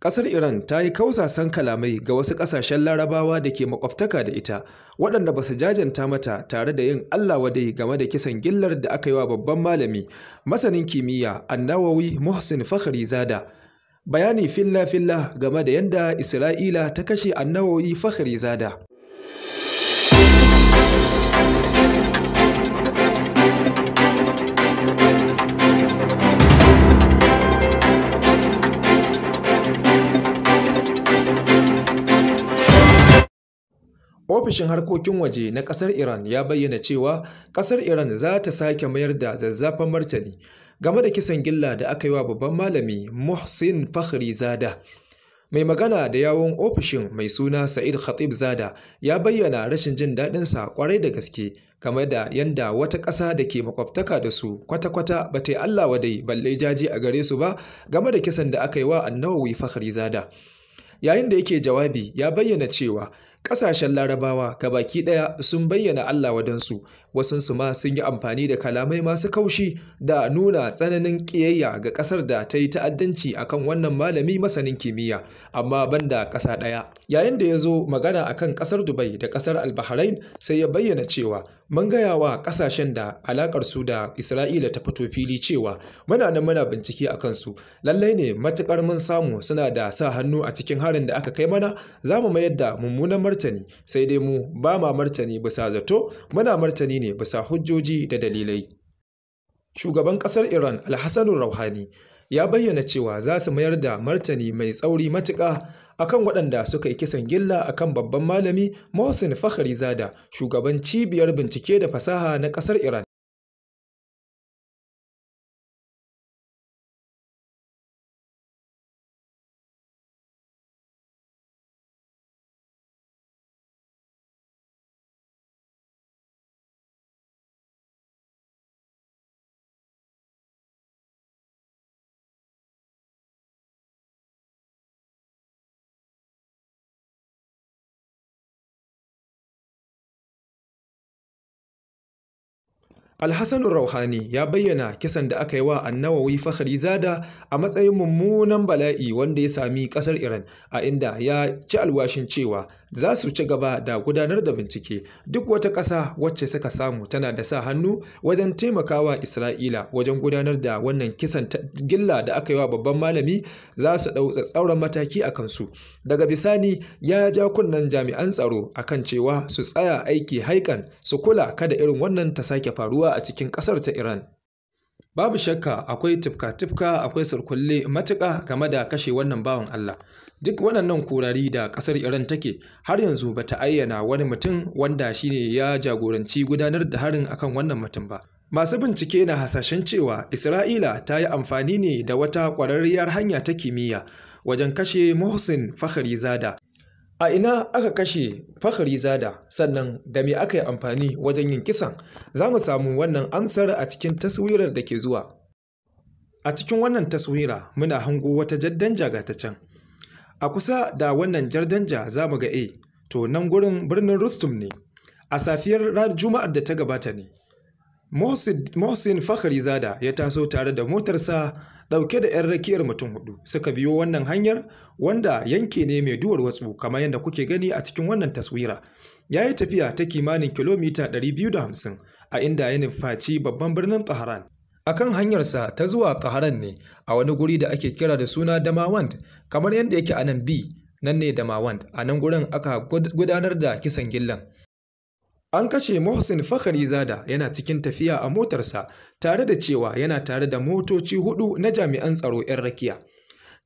Ƙasar Iran ta yi kausasan kalamai ga wasu ƙasashen larabawa da ke makwabtaka da ita, waɗanda ba su jajanta mata tare da yin Allah wadai game da kisan gillar da aka yi wa babban malami, masanin kimiyya, annawawi Muhsin Fakhri Zada. Bayani filla-filla game da yadda Isra'ila ta kashe annawawi Fakhri Zada. Ofishin harkokin waje na ƙasar Iran ya bayyana cewa ƙasar Iran za ta sake mayar da zazzafan martani game da kisan gilla da aka yi wa babban malami Muhsin Fakhri Zada. Mai magana da yawon ofishin mai suna Sa'id Khatib Zada ya bayyana rashin jin daɗinsa kwarai da gaske game da yanda wata ƙasa da ke makwabtaka da su kwata-kwata ba ta yi Allah wadai balle jaji a gare su ba game da kisan da aka yi wa annawawi Fakhri Zada. Yayin da yake jawabi ya bayyana cewa Ƙasashen larabawa ga baki ɗaya sun bayyana Allah wadansu, wasunsu ma sun yi amfani da kalamai masu kaushi da nuna tsananin ƙiyayya ga ƙasar da ta yi ta'addanci akan wannan malami masanin kimiyya, amma ban da ƙasa ɗaya. Yayin da ya zo magana akan ƙasar Dubai da ƙasar Al-Bahrain sai ya bayyana cewa mun gaya wa ƙasashen da alaƙar su da Isra'ila ta fito fili cewa muna nan muna bincike a kansu. Lallai ne matuƙar mun samu suna da sa hannu a cikin harin da aka kai mana za mu mayar da mummunan martani sai dai mu ba ma martani bisa zato muna martani ne bisa hujjoji da dalilai shugaban ƙasar iran alhassanun rauhani ya bayyana cewa za su mayar da martani mai tsauri matuƙa akan waɗanda suka yi kisan gilla akan babban malami Mohsin zada shugaban cibiyar bincike da fasaha na ƙasar Iran Alhassan Rauhani ya bayyana kisan da aka yi wa Annawawi zada a matsayin mummunan bala'i wanda ya sami ƙasar Iran a inda ya ci alwashin cewa za su ci gaba da gudanar da bincike duk wata ƙasa wacce suka samu tana da sa hannu wajen taimakawa Isra'ila wajen gudanar da wannan kisan gilla da aka yi wa babban malami za su ɗau tsatsauran mataki a kansu. Daga bisani ya ja kunnen jami'an tsaro akan cewa su tsaya aiki haikan su kula kada irin wannan ta sake faruwa a cikin ƙasar ta Iran. Babu shakka akwai tifka-tifka akwai surkulle matuƙa game da kashe wannan bawan Allah. duk waɗannan korari da ƙasar iran take har yanzu ba ta ayyana wani mutum wanda shine ya jagoranci gudanar da harin akan wannan mutum ba masu bincike na hasashen cewa isra'ila ta yi amfani ne da wata ƙwararriyar hanya ta kimiyya wajen kashe mohsin fahari zada a ina aka kashe fahari zada sannan da me aka yi amfani wajen yin kisan za mu samu wannan amsar a cikin taswirar da ke zuwa a cikin wannan taswira muna hango wata jaddan jagataccen a kusa da wannan Jardanja za mu ga e to nan gurin birnin Rustum ne, a safiyar ranar Juma'ar da ta gabata ne. Mohsin Fakhari Zada ya taso tare da motarsa ɗauke da 'yan rakiyar mutum hudu suka biyo wannan hanyar wanda yanke ne mai duwar watsu kamar yadda kuke gani a cikin wannan taswira. Ya yi tafiya ta kimanin kilomita 250 a inda ya nufaci babban birnin tahran a kan hanyarsa ta zuwa Ƙaharan ne a wani guri da ake kira da suna Damawand kamar yadda yake a nan B nan ne Damawand a nan gurin aka gudanar da kisan gillan. An kashe Mohsin Fakhari Zada yana cikin tafiya a motarsa tare da cewa yana tare da motoci hudu na jami'an tsaro 'yan rakiya.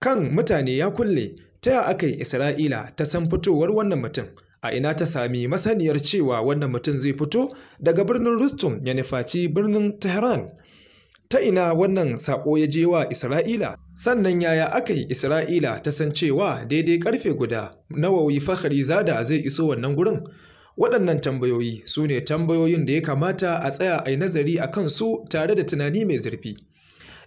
Kan mutane ya kulle ta ya aka yi Isra'ila ta san fitowar wannan mutum a ina ta sami masaniyar cewa wannan mutum zai fito daga birnin Rustum ya nufaci birnin Tehran. ta ina wannan saƙo ya je wa Isra'ila, sannan yaya aka yi Isra'ila ta san cewa daidai karfe guda wawi fahari zada zai iso wannan gurin? Waɗannan tambayoyi su ne tambayoyin da ya kamata a tsaya a yi nazari a kansu tare da tunani mai zurfi.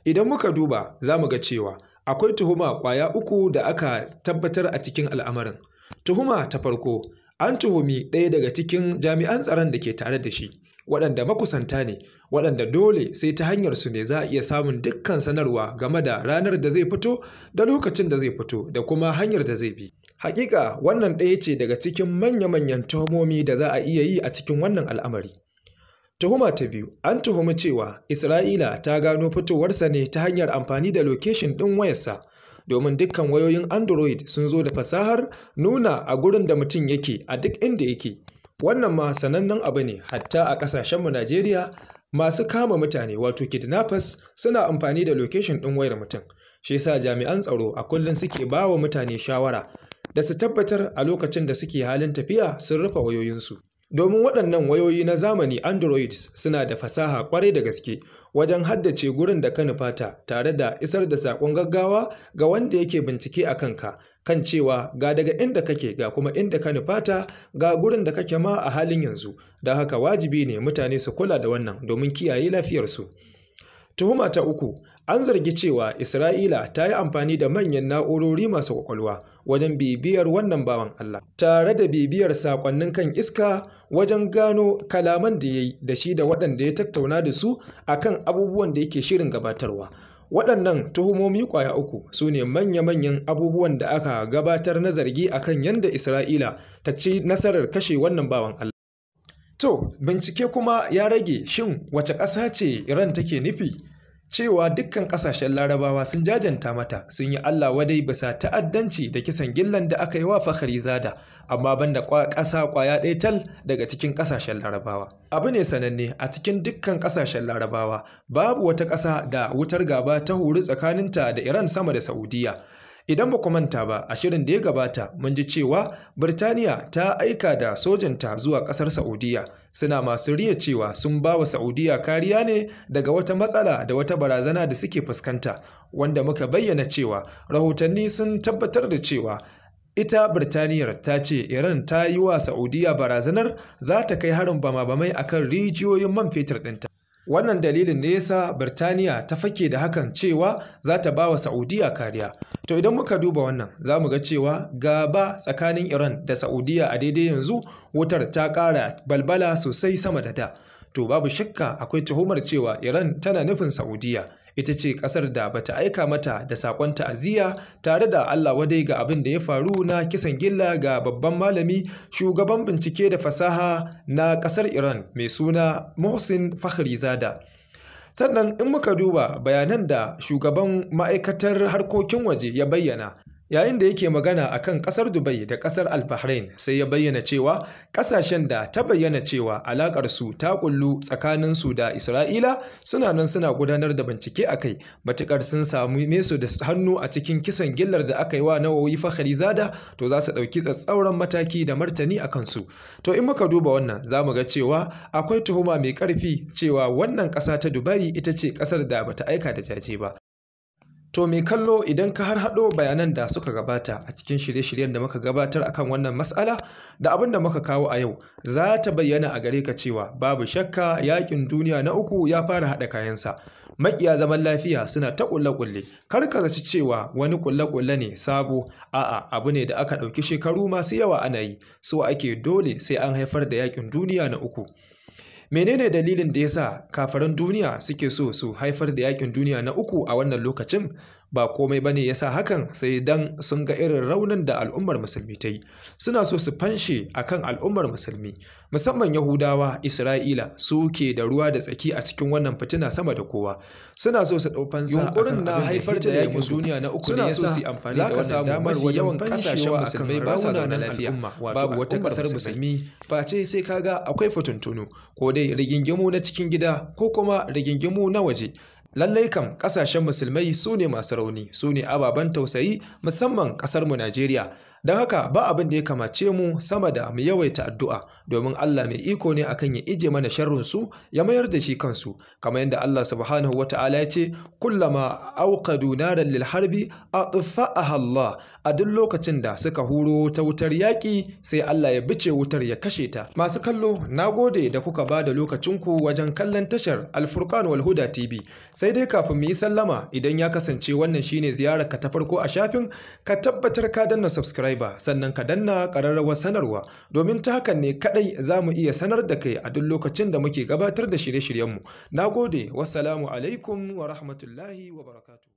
Idan muka duba za mu ga cewa akwai tuhuma ƙwaya uku da aka tabbatar a cikin al'amarin. Tuhuma ta farko, an tuhumi ɗaya daga cikin jami'an tsaron da ke tare da shi. waɗanda makusanta ne waɗanda dole sai ta hanyar su ne za a iya samun dukkan sanarwa game da ranar da zai fito da lokacin da zai fito da kuma hanyar da zai bi hakika wannan ɗaya ce daga cikin manya-manyan tuhumomi da za a iya yi a cikin wannan al'amari tuhuma ta biyu an tuhumi cewa isra'ila ta gano fitowarsa ne ta hanyar amfani da lokeshin ɗin wayarsa domin dukkan wayoyin android sun zo da fasahar nuna a gurin da mutum yake a duk inda yake Wannan ma sanannen abu ne hatta a ƙasashenmu Najeriya masu kama mutane wato kidnappers suna amfani da location ɗin wayar mutum. Shi yasa jami'an tsaro a kullum suke ba wa mutane shawara da su tabbatar a lokacin da suke halin tafiya sun rufe wayoyinsu. Domin waɗannan wayoyi na zamani Androids suna da fasaha kwarai da gaske wajen haddace gurin da ka nufata tare da isar da saƙon gaggawa ga wanda yake bincike a kanka kan cewa ga daga inda kake ga kuma inda ka nufata ga gurin da kake ma a halin yanzu da haka wajibi ne mutane su kula da wannan domin kiyaye lafiyarsu tuhuma ta uku an zargi cewa isra'ila ta yi amfani da manyan na'urori masu kwakwalwa wajen bibiyar wannan bawan allah tare da bibiyar sakonnin kan iska wajen gano kalaman da ya yi da shi da waɗanda ya tattauna da su akan abubuwan da yake shirin gabatarwa waɗannan tuhumomi ƙwaya uku su ne manya-manyan abubuwan da aka gabatar na zargi a kan yadda isra'ila ta ci nasarar kashe wannan bawan allah to bincike kuma ya rage shin wace ƙasa ce iran take nufi cewa dukkan ƙasashen larabawa sun jajanta mata sun yi Allah wadai bisa ta'addanci da kisan gillan da aka yi wa Fakhari Zada amma banda ƙasa ƙwaya ɗaya tal daga cikin ƙasashen larabawa abu ne sananne a cikin dukkan ƙasashen larabawa babu wata ƙasa da wutar gaba ta huri tsakaninta da Iran sama da Saudiya Idan ba manta ba a shirin da ya gabata mun ji cewa Birtaniya ta aika da sojanta zuwa ƙasar Saudiya suna masu riya cewa sun ba wa Saudiya kariya ne daga wata matsala da wata barazana da suke fuskanta wanda muka bayyana cewa rahotanni sun tabbatar da cewa Ita Birtaniyar ta ce Iran ta yi wa Saudiya barazanar za ta kai harin bama-bamai akan rijiyoyin man fetur ɗinta. Wannan dalilin ne yasa Birtaniya ta fake da hakan cewa za ta ba wa Saudiya kariya. To idan muka duba wannan za mu ga cewa gaba tsakanin Iran da Saudiya a daidai yanzu wutar ta ƙara balbala sosai sama da da. To babu shakka akwai tuhumar cewa Iran tana nufin Saudiya. ita ce ƙasar da bata aika mata da saƙon ta'aziyya tare da Allah wadai ga abin da ya faru na kisan gilla ga babban malami shugaban bincike da fasaha na ƙasar Iran mai suna Mohsin Fakhrizada. Sannan in muka duba bayanan da shugaban ma'aikatar harkokin waje ya bayyana Yayin da yake magana a kan ƙasar Dubai da ƙasar alfahrain sai ya bayyana cewa ƙasashen da ta bayyana cewa alaƙarsu ta kullu tsakaninsu da Isra'ila suna nan suna gudanar da bincike a kai matuƙar sun samu mesu da hannu a cikin kisan gillar da aka yi wa nawawi fahari zada to za su ɗauki tsatsauran mataki da martani a kansu. To in muka duba wannan za mu ga cewa akwai tuhuma mai ƙarfi cewa wannan ƙasa ta Dubai ita ce ƙasar da bata aika da jaje ba. To mai kallo idan ka har haɗo bayanan da suka gabata a cikin shirye-shiryen da muka gabatar akan wannan mas'ala da abin da muka kawo a yau za ta bayyana a gare ka cewa babu shakka yakin duniya na uku ya fara haɗa kayansa. Maƙiya zaman lafiya suna ta ƙulle-ƙulle, kar ka zaci cewa wani ƙulle-ƙulle ne sabo, a'a abu ne da aka ɗauki shekaru masu yawa ana yi, so ake dole sai an haifar da yakin duniya na uku. menene dalilin da yasa kafaran duniya suke so su haifar da yakin duniya na uku a wannan lokacin ba komai bane yasa hakan sai dan sun ga irin raunin da al'ummar musulmi ta yi suna so su fanshe akan al'ummar musulmi musamman yahudawa isra'ila su ke da ruwa da tsaki a cikin wannan fitina sama da kowa suna so su dau fansa yunkurin na haifar da yakin duniya na uku ne yasa su amfani da wannan damar yawan kasashen musulmai ba sa lafiya babu wata kasar musulmi ce sai kaga akwai fitintunu. ko dai ne rigingimu na cikin gida ko kuma rigingimu na waje lallai kam kasashen musulmai su ne masu rauni su ne ababen tausayi musamman kasarmu najeriya Don haka ba abin da ya kamace mu sama da mu yawaita addu'a domin Allah mai iko ne akan ya ije mana sharrin su ya mayar da shi kansu kamar yadda Allah subhanahu wata'ala ya ce kullama auqadu naran lil harbi a Allah a duk lokacin da suka huro ta wutar yaƙi sai Allah ya bice wutar ya kashe ta masu kallo na gode da kuka ba da lokacinku wajen kallon tashar "Alfurkan wal TV sai dai kafin mu yi sallama idan ya kasance wannan shine ziyarar ka ta farko a shafin ka tabbatar ka danna subscribe ba sannan ka danna ƙararrawar sanarwa domin ta hakan ne kaɗai za mu iya sanar da kai a duk lokacin da muke gabatar da shirye-shiryenmu. Na gode, wassalamu alaikum wa rahmatullahi wa barakatuh.